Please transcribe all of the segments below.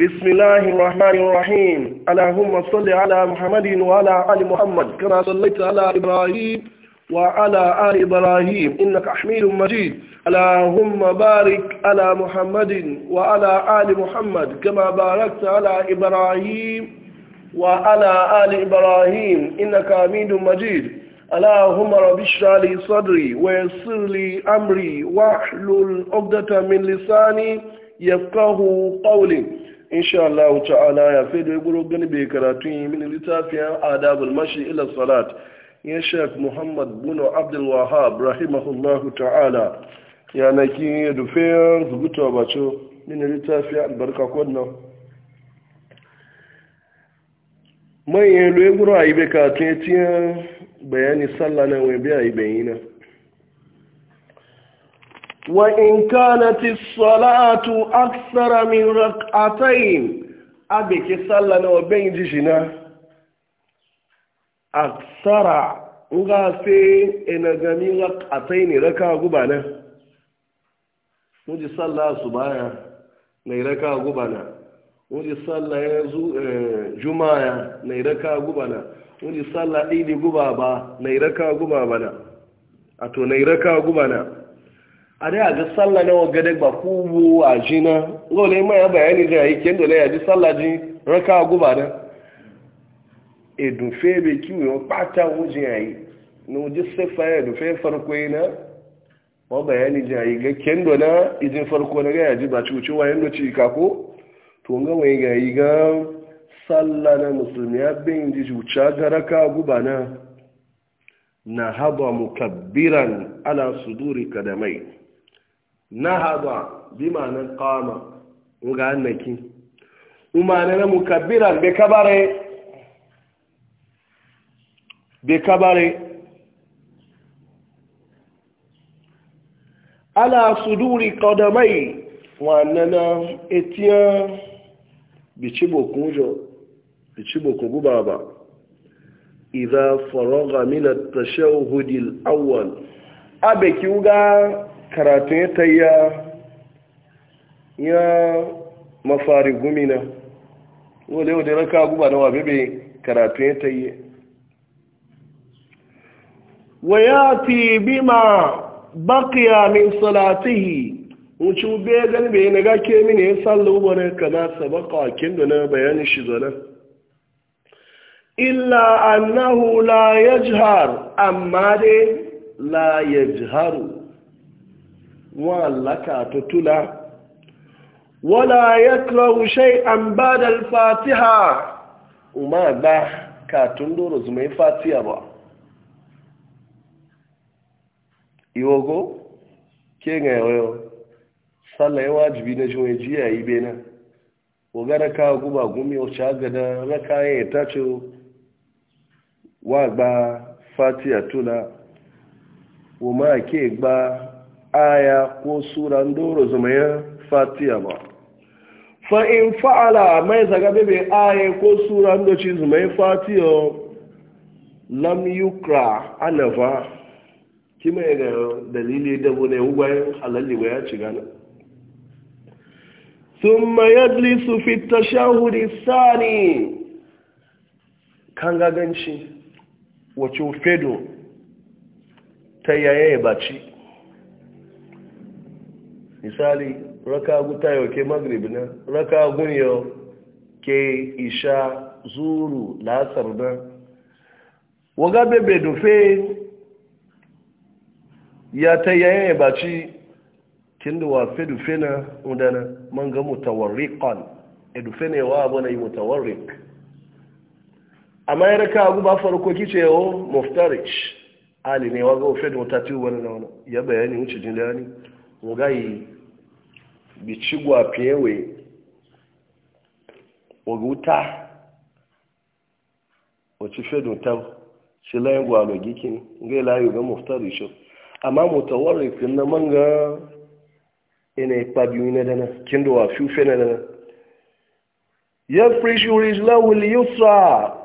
بسم الله الرحمن الرحيم اللهم صل على محمد وعلى ال محمد كما صليت على ابراهيم وعلى ال ابراهيم انك حميد مجيد اللهم بارك على محمد وعلى ال محمد كما باركت على ابراهيم وعلى ال ابراهيم انك حميد مجيد اللهم رب اشرح لي صدري ويسر لي امري واحلل عقده من لساني يفقهوا قولي insha Allah ta'ala ya fi da guro gani bai karatu yi mini littafin adabul mashi ila salat ya shek muhammad bunu abdul wahab rahimahullahu ta'ala ya na ki ya dufe zubuta bacho mini littafin albarka kwanan manyan lo ya guro a yi bai karatu ya tiyan bayani sallah na wai bai a yi bayina وإن كانت الصلاة أكثر من ركعتين أبيك صلى وبين جيشنا أكثر غافي إن جميع ركعتين ركع غبانا نجي صلى صبايا ني ركع غبانا نجي صلى جمايا ني ركع غبانا نجي صلى إيدي غبابا ني ركع غبابنا أتو ني ركع غبانا a dai salla ji sallah na waga da ba kubu a jina lole ya bayani ji yi ken dole ya ji salla ji raka guba da edun febe kiwo pata wuje na e o ji sefa ya edun farko na ma bayani da yi ga ken dole farko na ga ya ji ba cuci wayan do ka ko to nga wai ga yi ga sallah na musulmi ya na na haba mukabbiran ala suduri kadamai nahada bi ma'anar kama ga annaki umarni na mukabbiran bai kabare bai kabare ala suduri kodamai wannana etiyan bicibokun jo bicibokun guba ba idha faraga min at-tashahhud al-awwal abeki uga karatun ya tayya ya mafari gumina wale wale raka guba na wabebe karatun ya tayye wa ya fi bima bakiya min salatihi wucin be gani bai na ke mini ya sallu wani kana sabaka kin da na bayani shi zanen illa annahu la yajhar amma dai la yajharu wallaka tutula wala yakrahu shay'an ba'da al-fatiha umma ba ka tunduru zumai fatiha ba iwogo ke ga yoyo wajibi na jiwa jiya yi bena wogara ka guba gumi o chaga da raka yin ta ce wa gba fatiha tula umma ke gba aya ko sura ndoro zuma fatiya ba fa in fa'ala mai zaga bebe aya ko sura ndoci zuma ya fatiya lam yukra anava kima ga dalili da bune ugwayen halalli ya ci gana ثم يجلس في التشهد الثاني kan gaganci wacce fedo ta yaye baci misali raka guta yau ke magrib na raka gun yau ke isha zuru lasar na waga bebe dufe ya ta yayin ya baci kin da wafe dufe na udana man ga mutawarriqan e dufe ne wa abu na yi mutawarriq amma ya raka gu ba farko kice yau muftarish ali ne waga ofe da mutati wani na wani ya bayani wuce jin dani mu gayi bichigwa pewe oguta ochifedu taw silengwa lo gikin ngai layu ga muftari sho amma mutawarrik na manga ina ipabiyu na dana kindo wa fiufe na dana yafrishu rijlahu al-yusra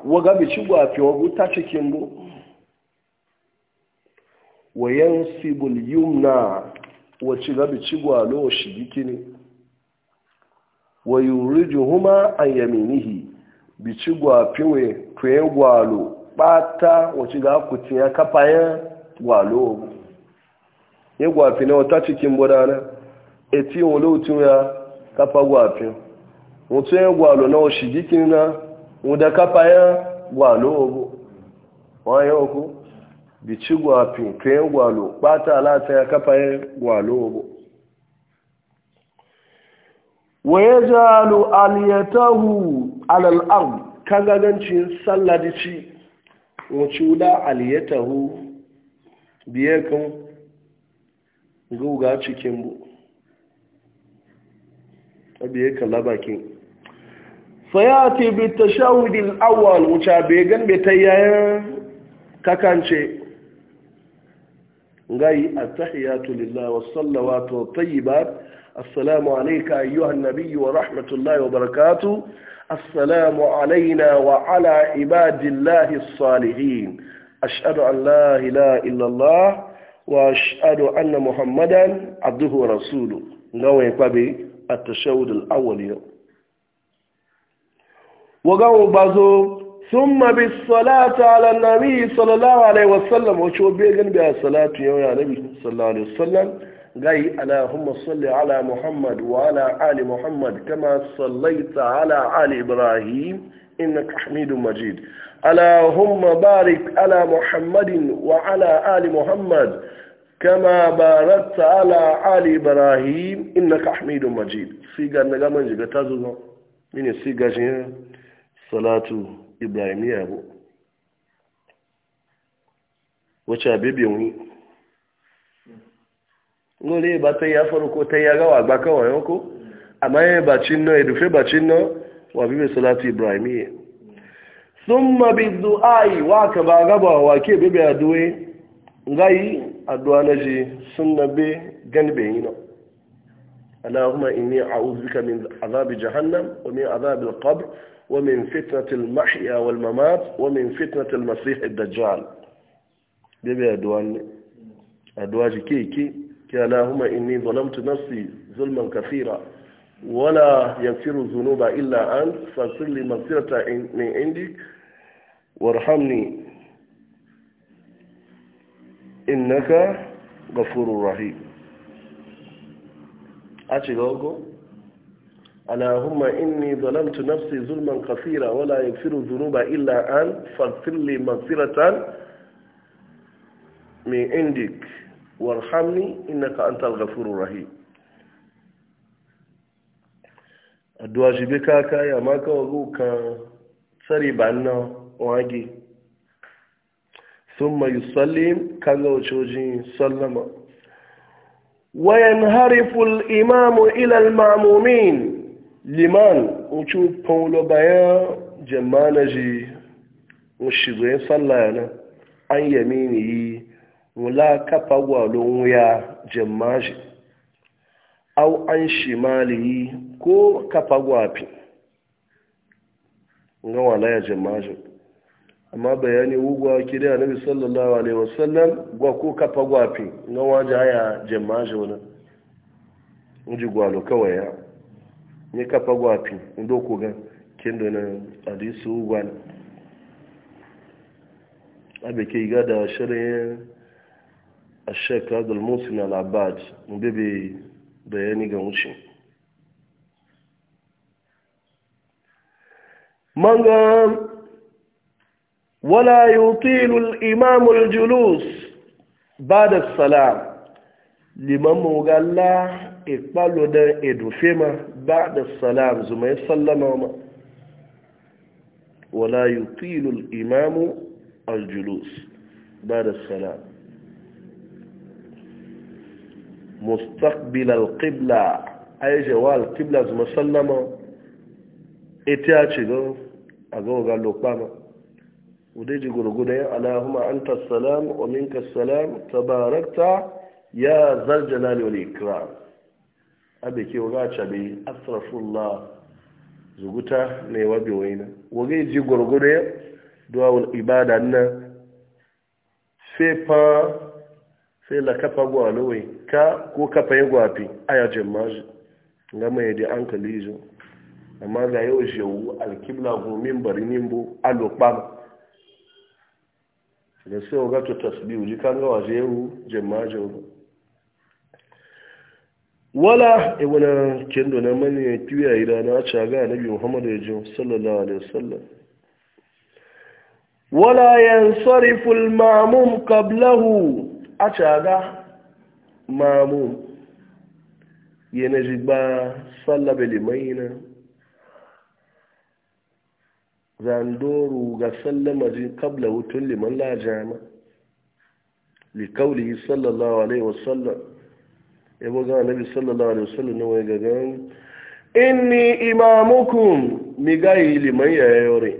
wa gabi chigwa fi oguta cikin bu wa yansibu al-yumna wacce gabi cigwalo shi gikini huma an yaminihi bi cigwa piwe gwalo bata wacce ga kutin ya ya gwalo ya gwafi na wata cikin budana eti wani ya gwafi mutu ya gwalo na na wuda gwalo bici gwafin kayan gwalo bata lata ya kafa yin gwalo bu wa ya jalu aliyatahu alal'ar kagagancin salladici wucula aliyatahu biye kan guga cikin bu ta biye kan labakin fayati bi tashawudin awal wuce bai gan bai ta yayin kakance غاي التحيات لله والصلوات والطيبات السلام عليك أيها النبي ورحمة الله وبركاته السلام علينا وعلى عباد الله الصالحين أشهد أن لا إله إلا الله وأشهد أن محمدا عبده ورسوله نوعي قبي التشهد الأول يوم وقاموا بعضهم sun mabi salata ala nabi sallallahu alaihi wasallam wacce obe gan biya salatu yau ya nabi sallallahu alaihi wasallam gai allahumma salli ala wa ala ali kama sallaita ala ibrahim innaka hamidun majid allahumma barik ala muhammadin wa ala ali muhammad كما باركت على آل إبراهيم إنك حميد مجيد سيغا نغا منجي تازو سيغا ibrahim yabo wacce abibin wani ngole ba ta ya farko ta ya gawa ba kawai yako amma ya bacin nan ya rufe bacin nan wa bibi salatu ibrahimiyya summa bi du'ai wa ka ba gaba wa ke bibi aduwe ngai addu'a na ji sunna be ganbe yino allahumma inni a'udhuka min azab jahannam wa min azab al-qabr ومن فتنة المحيا والممات ومن فتنة المسيح الدجال بيبي أدوان أدواج كيكي كي اللهم إني ظلمت نفسي ظلما كثيرا ولا يغفر الذنوب إلا أنت فاغفر لي مغفرة من عندك وارحمني إنك غفور رحيم أتي لوجو اللهم إني ظلمت نفسي ظلما كثيرا ولا يغفر الذنوب إلا أن فاغفر لي مغفرة من عندك وارحمني إنك أنت الغفور الرحيم addu'a shi bi kaka ya maka wa guka tsari ba na wage sun mai sallim kan ga wucojin sallama wayan hariful imamu ilal mamumin liman uchu paulo bayan jamana ji ushigoyin sallaya na an yamini yi wula kafa gwalon ya jamaji au an shimali yi ko kafa gwafi ya walaya jamaji amma bayani wugwa kiri annabi sallallahu alaihi wasallam gwa ko kafa gwafi ga waje haya jamaji wani ji gwalo kawai ya ne kafa gwafi ndo ko ga kendo na adisu gwan abe ke ga da shirin ashek abdul musin al-abbad mbebe bayani ga wuce manga wala yutilu al-imam al-julus ba'da salam liman mugalla ipalo e da edufema ba da salam zuma ya sallama ma wala yutilul imamu aljulus ba da salam mustaqbilal qibla ay jawal qibla zuma sallama ita ce go a go ga lokpa ma ude ji ne allahumma anta salam wa minka salam tabarakta ya zal jalali wal ikram abe ke waga cabe asrafullah zuguta ne wabe waina waga ji gwargwado ya duwawul ibada na fefa sai la kafa gwalowai ka ko kafa ya gwafi a yajin maji ga mai da an kalizo amma ga yau shewu alkibla gomin bari nimbo alokpam da sai waga to tasbihu ji kan gawa zai yau jin maji wala e ibuna kendo na mani kiwiya ida na caga nabi muhammadu ya ji sallallahu alaihi wasallam wala yan sariful mamun kablahu a caga ma'mum yana ji ba sallabe limaina zandoru ga sallama ji kablahu tun liman lajama jama li qawlihi sallallahu alaihi wasallam yabo ga annabi sallallahu alaihi wasallam na wai gagan inni imamukum mi gayi liman ya yore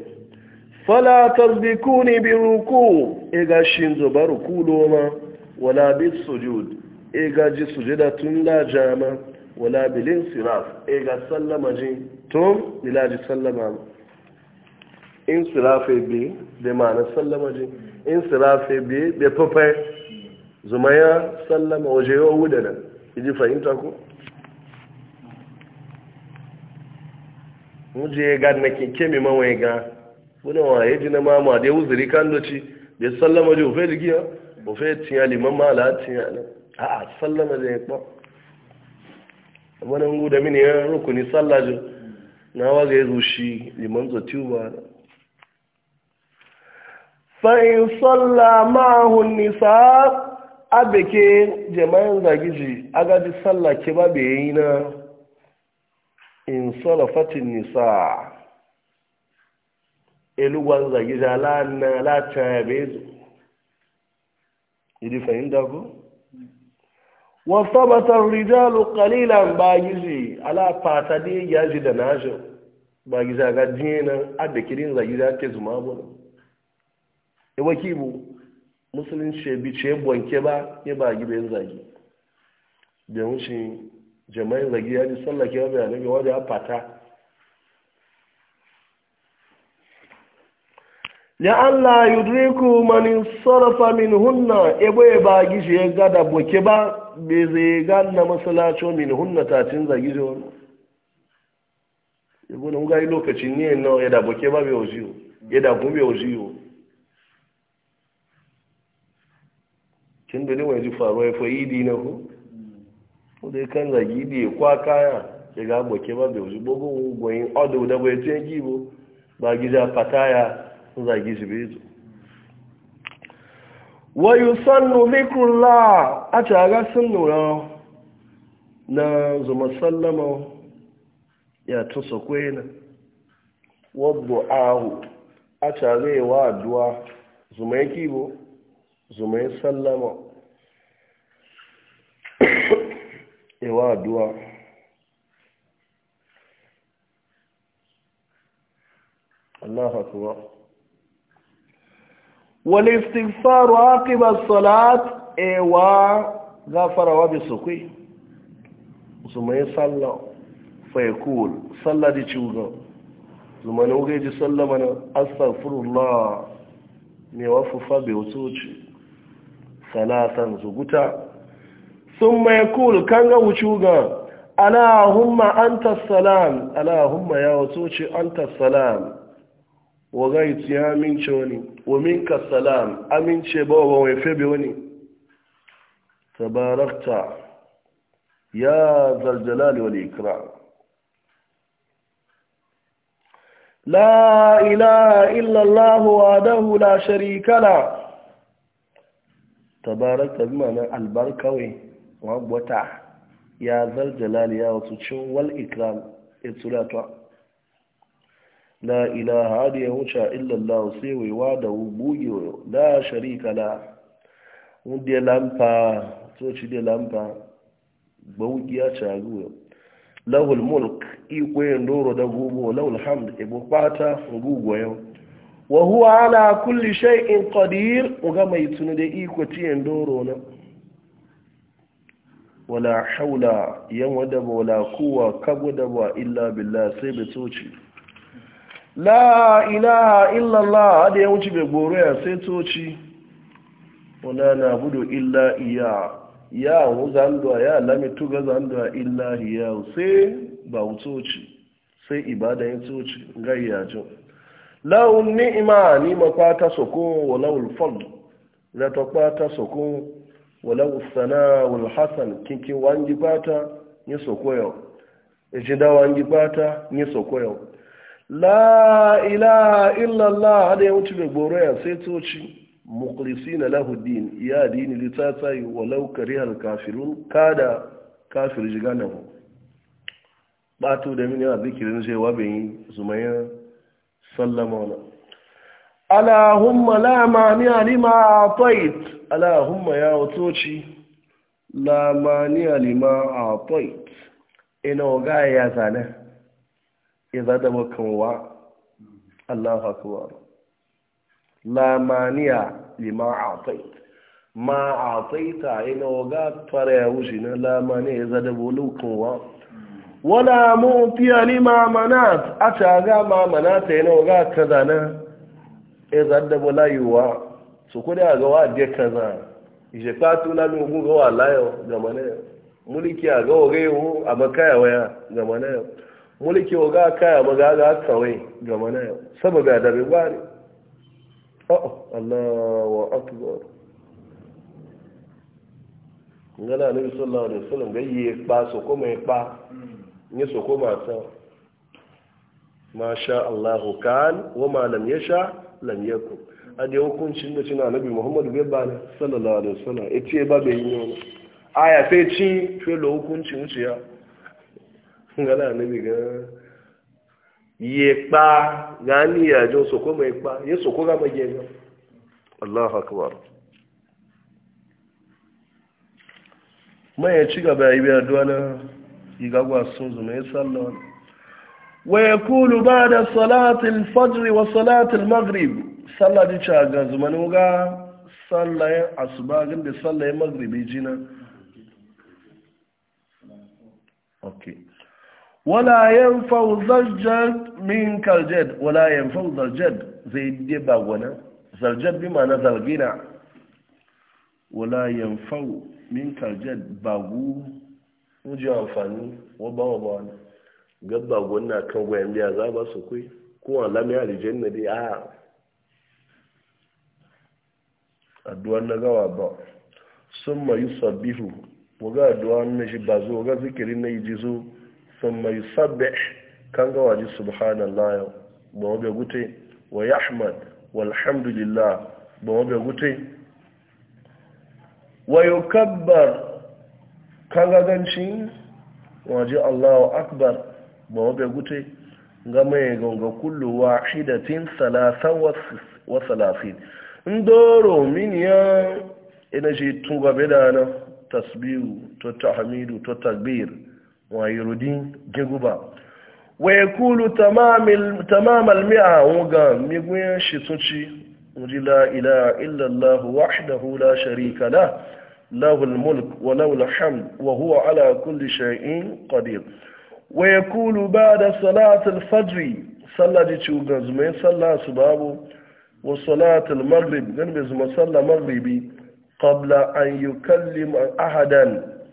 fala tasbikuni bi ruku e ga shin zo ba ruku do ma wala bi sujud e ga ji sujada tun da jama wala bil insiraf e ga sallama ji tun ila ji sallama insiraf e bi da ma'ana sallama ji insiraf e bi be fafa zumaya sallama waje yo wudana iji fahimta ko muje ga na kinke mai mawai ga wani waye ji na mama da ya wuzuri kan doci da ya sallama ji ofe ligiya ofe tiya liman mala tiya nan a a sallama da ya kwa wani ngu da mini ya rukuni sallaji na waga ya zushi liman zotiyu ba nan fa'in salla ma'ahun nisa abeke jama'in zagiji agaji sallah sallake ba yi na in salafatin nisa eluwan zagiji alana latin abezu idi fahimta ku wasabatar rijalu kalilan bagiji ala fata ne yaji da nashi bagiji agajiyar nan abekirin zagiji ake zuma bu iwakibu musulunci bi ce bonke ba ya ba gibe zagi da wuce jama'in zagi ya ji tsallake wa bayanai daga wajen ya fata ya Allah yudriku manin sarrafa min hunna ebo ya ba gishi ya gada boke ba be zai ganna masalacin min hunna cin zagi da wani ebo na mugayi lokacin ne na ya da boke ba bai ojiyo ya da kuma bai ojiyo kin da ne wani faruwa ya fayi na ku ko ya kan zagi ya kwa kaya ya ga boke ba bai bogo goyin odo da bai tiyan bu ba gida fataya zagi shi bai wayo sannu yusannu a taga sun na na zuma sallama ya tusa kwena wadda ahu a taga yawa addu'a zuma ya kibo zuma ya sallama wa addu'a Allah akbar wal istighfar aqiba as-salat e wa ghafara wa bisukui usuma yasalla fa yakul salla di chugo zumana uge ji salla mana astaghfirullah ne wafu fa bi usuci salatan zuguta sun mai kul kan ga wucu ga alahumma anta salam alahumma ya wato ce anta salam wa gaiti ya amince wani wa ka salam amince ba wa wai febe wani tabarakta ya zarjalali wal ikram لا إله إلا الله وحده لا شريك له تبارك بمعنى البركة wata ya zal jalali ya wasu cin wal ikram itsulata Na ila da ya wuce illallah sai waiwa da buge da sharika la wunde lampa so ci de lampa bawugiya cagu lahul mulk ikwayen doro da gugu lahul hamd ibu fata gugu yau wa huwa ala kulli shay'in qadir uga mai tunu da ci tiyen ndoro na wala haula yan da ba wala kowa kabo da ba illa billah sai bai toci la ilaha illallah da ya wuce bai goro ya sai toci wala na budu illa iya ya wu zanduwa ya lamitu ga zanduwa illa iya sai ba wutoci sai ibada ya toci gayya jin la'un ni'ima ni makwata sokon wala ulfal da ta kwata sokon walau sana wal hasan kinki wangi bata ni sokoyo ejida wangi bata ni sokoyo la ilaha illa allah hada ya mutu goro ya sai toci mukhlisina lahu din ya dini litatai walau karihal kafirun kada kafir jigana Ba batu da mini a zikirin cewa bin yi zumaya sallama wala alahumma la mani alima atait Allahumma ya watoci la maniya lima a point ina waga ya zane ya zada makonwa Allahu akbar la maniya lima a point ma a taita ina waga fara ya wuce na la maniya ya zada bolukonwa wala mutiya lima manat a taga ma manata ina waga ta zane ya zada bolayuwa so ko da ga wa de kaza ije patu na mi ogun ga wa layo ga mane muliki a ga oge wu abaka ya waya ga mane muliki oga ya maga ga tsawe ga mane saboda da bai bari oh Allahu akbar ngana nabi sallallahu alaihi wasallam ga yi pa so ko me pa ni so ko ma sa ma sha Allahu kan wa ma lam yasha lam yakun a da hukuncin da cina nabi muhammadu bai ba ne sallallahu alaihi wasallam ya ce ba bai yi wani ya sai ci fiye da hukuncin ya gana nabi ga ya kpa gani ya jo soko mai kpa ya soko ga mai gina allahu akbar mai ya ci gaba ya yi biyar duwana gagwa sun zuma ya sallawa ويقول بعد صلاة الفجر وصلاة المغرب sallah di ca ga zumanu ga sallayen asuba da sallayen magribi jina ok wala yan zarjad min kaljad wala yan zarjad zai de ba gwana zarjad bi ma na zargina wala yan min kaljad bagu wuji amfani wa ba ba wani gabba gwanna kan gwayan biya za ba su kwai kuma lamar da jannadi a addu'an na gawa ba sun mayu sabihu waga addu'an na shi ba zo waga zikirin na yi zo sun mayu sabbe kan gawa ji subhanallah yau ba wabe gute wa Ahmad walhamdulillah ba wabe gute wa kabbar kan gaganci waje allahu akbar ba wabe gute ga mai gonga kullu wahidatin salasan wasu salasin ndoro miniya ina shi tun gabe da na tasbiru to ta to takbir wa yurudin jiguba wa yakulu Kulu tamamal mi'a wuga miguyan shi tunci muji la ilaha illa allah wahdahu la sharika la lahu almulk wa lahu alhamd wa huwa ala kulli shay'in qadir wa yakulu ba'da salati alfajr sallati chuga zumay sallatu babu وصلاة المغرب نلمز مصلى مغربي قبل أن يكلم أحدا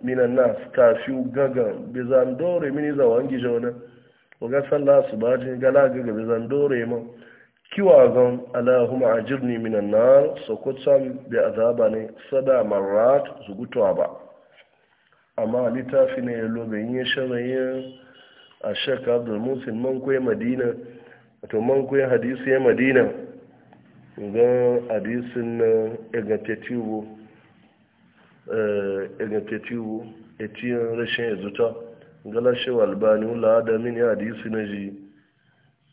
من الناس كافيو غغا بزاندوري من إذا وانجي جونا وقال صلى صباجين قال غغا بزاندوري ما كيوا غم اللهم أجرني من النار سكوتسام بعذابني سبع مرات زغوتوا با أما لتافين يلو بيني شرعين الشيخ عبد المحسن من كوي مدينة وتمن كوي حديث مدينة ga hadisin na egantetiwo egantetiwo eh, etiyan rashin yazuta galashin albani wula da mini hadisi na ji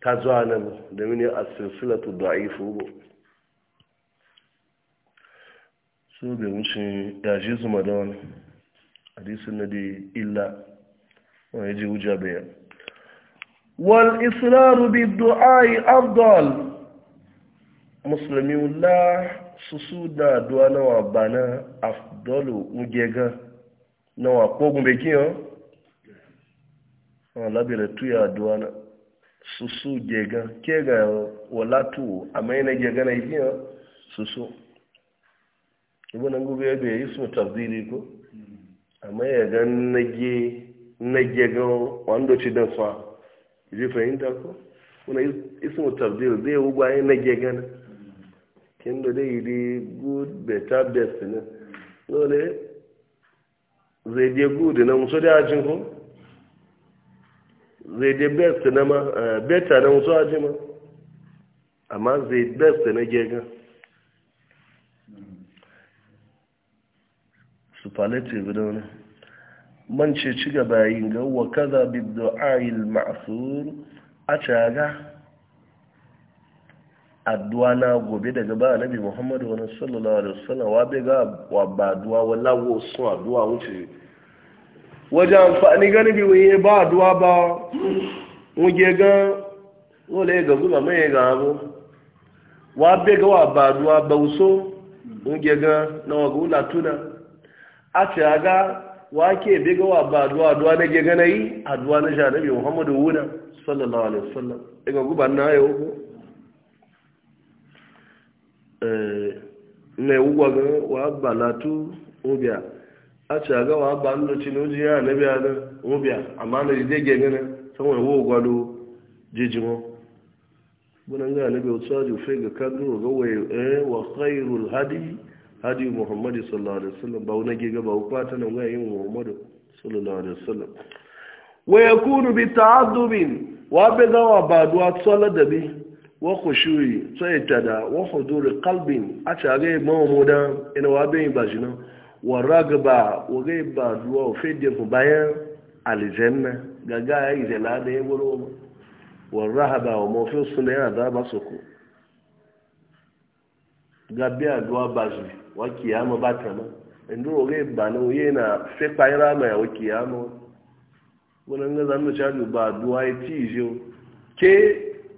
ta zuwa nan da mini a silsilatu da'ifu su bai wuce ji zuma da wani hadisi na da illa wani ji wuja bayan wal israru bi du'ai afdal musulmi la susu na aduwa na wa bana afdolu ngega na wa kogun beki yan wọn labere tuya aduwa na susu gega kega wala tu amma yana gega na iji yan susu ibu na gube ebe ismu tafdili ko a ya ga nage nage ga wanda ci da fa ji fahimta ko kuna ismu tafdili zai wugwa yin nage gana kendo dai yi good better best ne dole zai je good na muso da ajin ko zai je best na ma eh, better na muso ajin ma amma zai best na gega superlative da man ce ci gaba yin ga wa kaza bi du'a al ma'sur a caga addu'a na gobe daga ba annabi muhammadu wani sallallahu alaihi wasallam wa bai ga wa ba addu'a wala wo sun addu'a wuce wajen amfani gani bi wuye ba addu'a ba wuge ga wole ga zuma mai ga abu wa bai ga wa ba addu'a ba wuso wuge ga na wa gula tuna a ce aga wa ke bai ga wa ba addu'a addu'a na ge ganayi addu'a na sha annabi muhammadu wuna sallallahu alaihi wasallam daga guban na yau na ewuwa ga wa balatu ubia a ci aga wa ba ndoci na ya na bia na amma na jide gege na sanwa gwado jijimo bunan ga na bia otu ofe ga kadro ga wa eh, wa khairul hadi hadi muhammadu sallallahu alaihi wasallam ba wani gege ba na wayin eh, muhammadu sallallahu alaihi wasallam wa yakunu bi ta'addubin wa bi dawa ba duwa tsala da bi wa khushuyi tsayitada wa huduri kalbin a tage mawamuda ina wa bin bajina wa ragba wa gai ba duwa fedde bayan aljanna gaga ya izela da ya wuro wa rahaba wa suna yana da ba su ba na na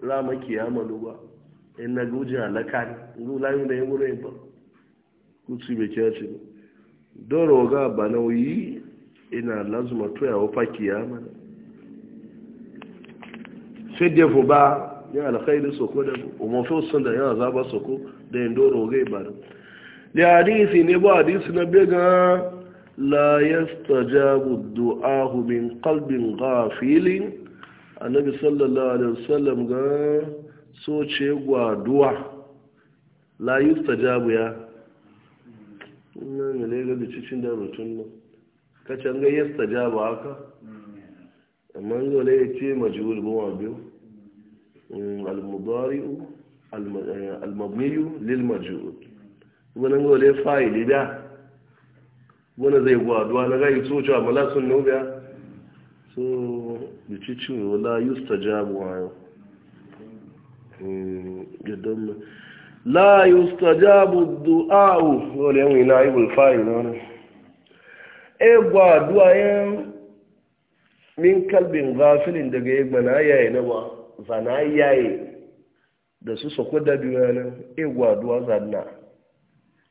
rama malu ba in na gujin a lakari. zu layu da ya wurin ba kuci bai kya ce ba don roga ba nauyi ina lazuma tuya wafa kiyama sai da fu ba ya alkhairu soko da umarfi sun da yawa zaba soko da yin doro ga ba da hadisi ne ba hadisi na bega la yastajabu du'ahu min qalbin ghafilin annabi sallallahu alaihi wasallam ga soce gwaduwa la yustajabu ya nan ne ga cikin da ne ka kacan ga yustajabu haka amma ga ne ya ce majhul bin wabiyu mm, al mudari eh, al-mabniyu lil majhul wannan ga ne fa'ili da wannan zai gwaduwa na ga yi soce amma la sunnu biya so bici cewa la yusta jabuwa yau hmm, gidan mai la yusta jabu du'a'u wani yawon ina ibul fa'il na wani egwa duwayen min kalbin gafilin daga egwa na yayi na ba zana yayi da su sako da biyu yana egwa duwa zanna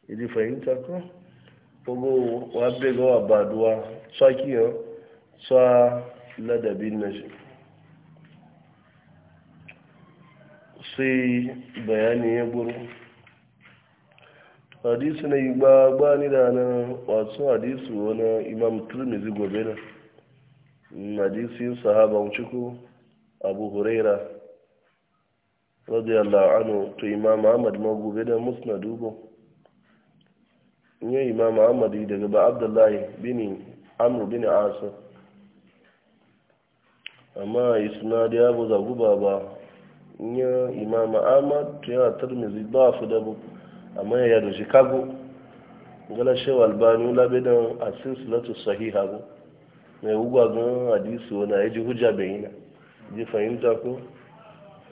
idi fahimta ko gbogbo wa bega wa ba duwa tsaki yau tsa ladabin na shi sai bayani ya guru hadisu na yi ba ni da na wasu hadisu wani imam turmizi gobe na hadisun sahaba ciku abu huraira radiyallahu anhu to imam ahmad ma gobe da musnadu ba ne imam ahmad daga ba abdullahi bin amr bin asir amma isnad ya bu zagu baba ya imam ahmad to ya tirmizi ba su da bu amma ya da chicago gala shehu albani la bedan as-silsilatu sahiha bu Me ugwa ga hadisi wani ya e ji hujja bayina ji fahimta ko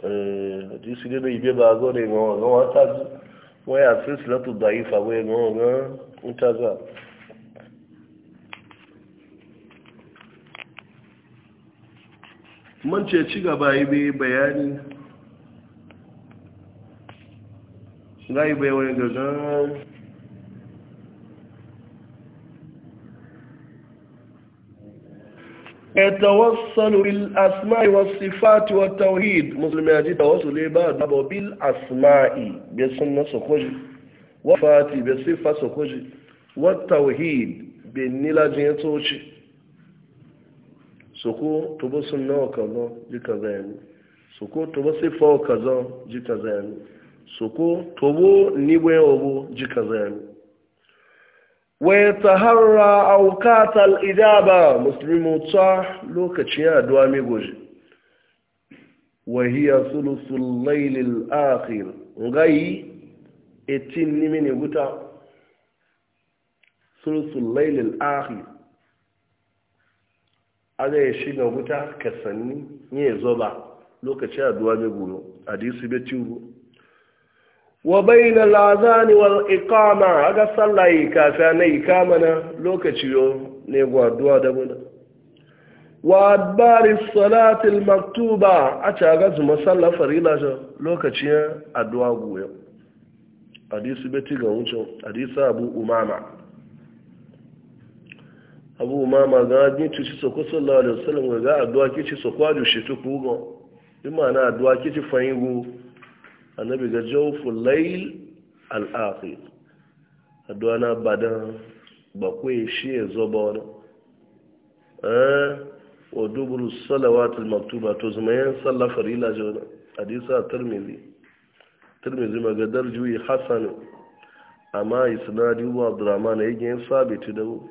eh, hadisi dai bai ba ga ne ga wata waya silsilatu da'ifa bai ga ga mutaza man ce ci gaba yi bai bayani ga yi bai wani gaza ẹ̀tọ̀ wọ́n sọ́nù bí asmai wọ́n sí fàtí wọ́n tawhid musulmi àjíta wọ́n sọ lè bá àdábọ̀ asmai bí súnmọ́ sọkójì wọ́n fàtí bí sí fà sọkójì wọ́n tawhid bí níláj soko tuba nawa kaza ji kaza yanzu soko tuba fawa kaza ji kaza yanzu soko tubo nibo yawo ji kaza yanzu wayataharra awqatal ijaba muslimu ta ya duwa mai goje wahiya thuluthul laylil akhir ngai etin nimene guta sulusun laylil akhir aga ya shiga wuta ka sanni ya zo ba lokaci a duwa mai guno hadisi bai ci ciwo wa bayna al-adhan wal iqama aga sallai ka fa na ikama na lokaci yo ne gwa duwa da mun wa adbar as-salat al-maktuba a ta ga zuma sallar farila jo lokaci addu'a goyo hadisi bai ci ga wucin hadisi abu umama abu ma ma ga ni tu ci soko sallallahu alaihi wasallam ga addu'a ki ci soko adu shi tu ku go na ma'ana addu'a ki ci fahimgu annabi ga jawfu layl al akhir addu'a na badan ba ku shi ya zo ba wani eh wa dubru salawat al maktuba to zumayen salla farila jona hadisa tirmidhi tirmidhi ma ga darju hasan amma isnadi wa abdurrahman yake sabiti da mu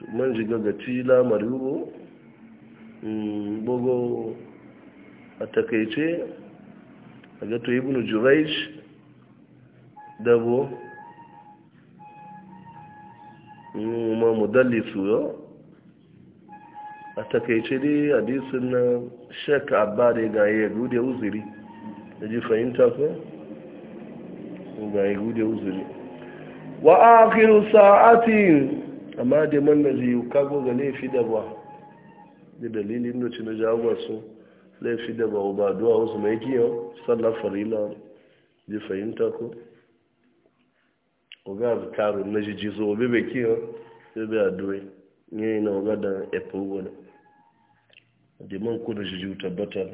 to man shiga ga tila mariugo mm, bugu a takaice a gato ibn juraish dabo mm, ma mudallisu yau a takaice dai hadisin na shek abba da ga ya gude uzuri da ji fahimta ko ga ya gude uzuri wa akhiru sa'atin amma da man na zai kago ga laifi da ba da dalilin da ci na jagowa su laifi da ba ba duwa wasu mai giyan sallar farila da fahimta ko oga karun na jiji so obi bai kiyan bebe aduwe ne na oga da efe wani da man kuna jiji tabbatar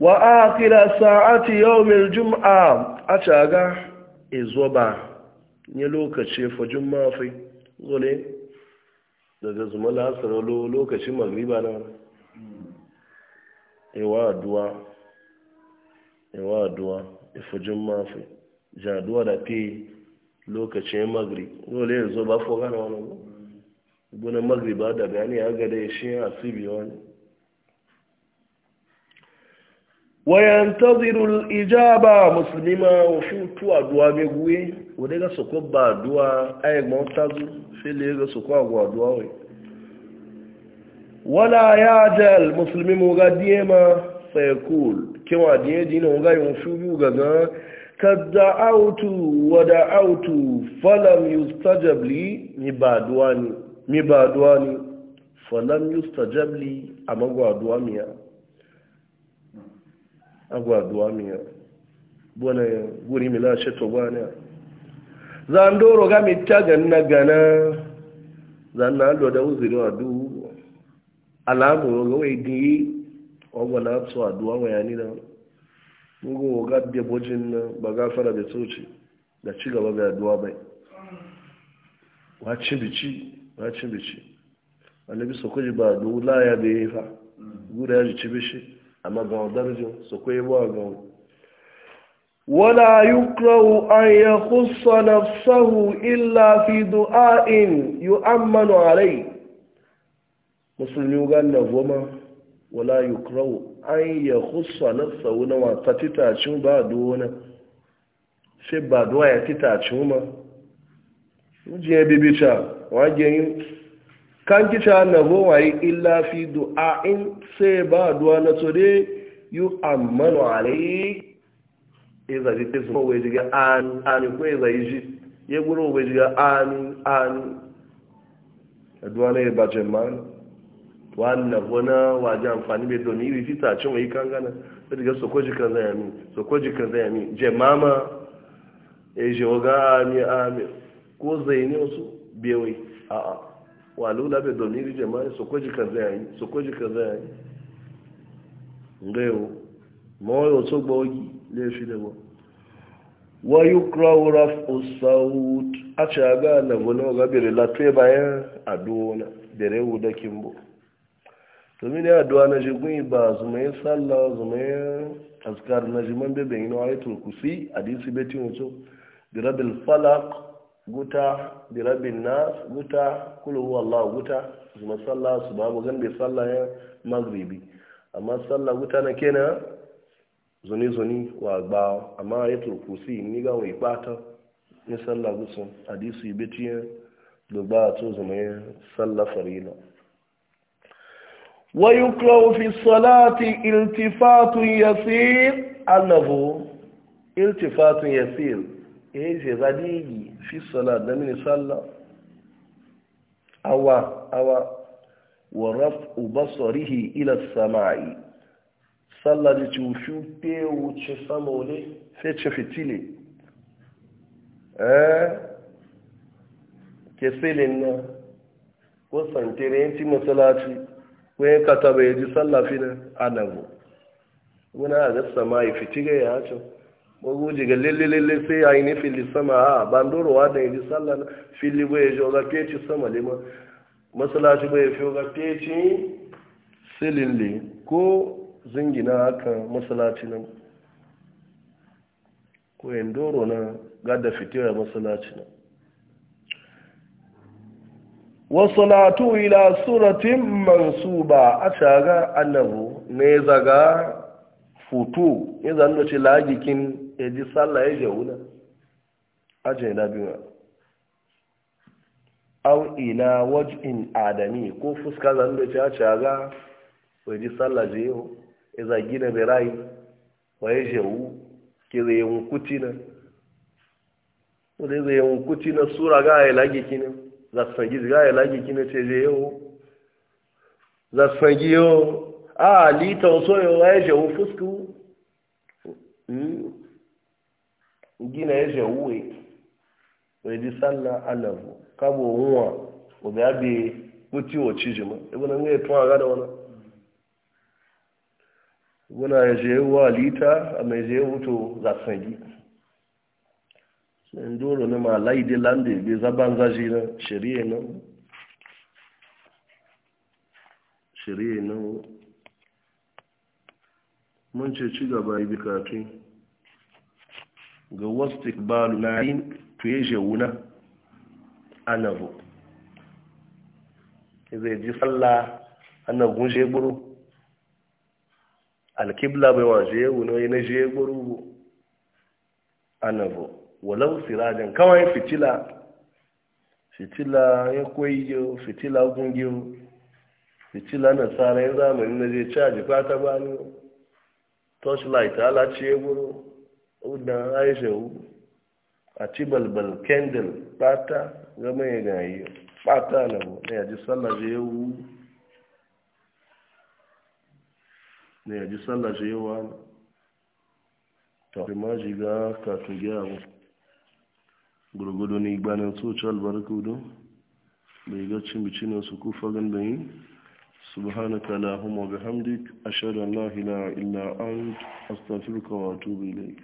wa 'a akira sa'ati yawmin jum'a a caga e ba. ya lokaci fajin mafi gole daga zuma lasara lokacin magriba na ewa aduwa ewa aduwa ifajin mafi jaduwa da fi lokacin magri gole yanzu ba foga na wani guna magriba da gani ya gada ya shi asibi wani wayan tazirin ijaba musulmi ma ofin tuwa duwa mai guye wọ́n ga sọ̀kọ́ bá àdúwà ayẹgbọ́n tágú fẹ́lẹ̀ ga sọ̀kọ́ àgbà àdúwà wẹ̀ wọ́lá yájẹ́l musulmi mú ga díẹ̀ ma fẹ́kùl kí wọ́n díẹ̀ dínà wọ́n ga yíò ṣúgbù gangan kàdà áùtù wọ́dà áùtù falam yustajabli mi ba duwa ni falam yustajabli àmàgbà duwa miya agwà duwa miya bọ́nà gúrí mi láṣẹ́ tọ́gbà náà zandoro ga mitagan na gana zanna lo da uziri adu du alamu ga we di ogo na tso aduwa wa yani da ngo ga biya bojin na ba gafara da tsoci da ci gaba ga aduwa bai wacin bici wacin bici annabi so kuji ba du la ya be fa mm. gura ya ci bishi amma ga darajin so koyi ba ga ولا يكره أن يخص نفسه إلا في دعاء يؤمن عليه مسلم يقال وما ولا يكره أن يخص نفسه نوع تتتاشون بعدون ṣe gbàdúwà ẹ̀ títà àṣúmọ́ ó jí ẹbí bí ṣá wọ́n jẹyìn káńkíṣà nàbó wáyé ilá fi dùn àín ṣe bá àdúwà náà tó dé yóò àmọ́nà àríyí iza ji tesu owe ji ga anu anu ko iza iji ye gburu owe ji ga anu anu aduwa na ibace man wannan wana waje amfani bai domin iri fita cin wai kan gana sai daga sokoji kan zai ami sokoji kan zai ami jemama e oga ami ami ko zai ne wasu a a be labe domin iri jemama sokoji kan zai ami sokoji kan zai ami ngayo mawayo so gbogi laifi da ba wa yukrahu raf'u saut a ci a na wani ga bere latwe bayan addu'a na bere wuda kimbo to mini aduwa na jigun ba zumai sallah zumai azkar na jiman bebe yin ayatul kursi hadisi beti wato bi rabbil falaq guta bi rabbin nas guta kul huwa allah guta zuma sallah subabu gan be sallah ya maghribi amma sallah guta na kenan zoni-zoni wa gba amma ya turku si ni ga wai bata ni sallah gusu hadisi bitiye da ba a zama ya sallah farila wa yukrahu fi salati iltifatun yasir annabu iltifatun yasir eh je zadigi fi salat da mini sallah awa awa wa raf'u basarihi ila samai sallah da ci wufi pe wuce sama wale ce fitile eh ke selin na ko santere yin ti masalaci ko yin kata bai ji sallah fi na anago wani a gasa ma fitile ya hacin wagu jiga lelelele sai a yi ni fili sama a bandorowa da yi ji sallah fili bai ji oga peci sama lima masalaci bai fi oga peci silin le ko zingina kan masalaci nan ko yin doro na gada fitewa masalaci nan wasalatu ila suratin mansuba a shaga annabu ne zaga futu ya zanda ce lagikin ya ji sallah ya jauna ajiyar dabiwa au ila waj'in adami ko fuska zanda ce a shaga ya ji sallah je yau iza gina berai waye jewu ke zai yawon kuti na wadda zai yawon kuti na sura ga ya lage kine, za fangi ga ya lage kine ce je yawo za fangi yawo a li lita waso ya waye jewu fusku hmm. gina ya jewu e wai di sallah alabu kabo ruwa wadda ya bi kuti wa cijima ibi na ya tun a ga da wani muna ya je wa lita a mai je wuto za sangi sun doro na ma di landi bai zaban zaji na shari'a na shari'a na mun ce ci gaba yi katun ga wasu balu na yi tuye wuna anabu zai ji ana annagun sheburu alkibla bai wa je wuno na je guru annabu walau sirajan kawai fitila fitila ya koyi fitila gungiyo fitila na tsarin zamani na je caji fata ba ni torchlight ala ce guru udan aisha a ci balbal candle fata game ya gayi fata na ne ya ji sallar je wu ne ya ji sallah shi yi wa ta fi maji ga katun gyawo gurgudu ni gbanin tsoci albarku don bai ga cin bicinin su kufa gandanyi su bi hana kala hamo ga hamdik a shaidar na illa an astafirka wato bai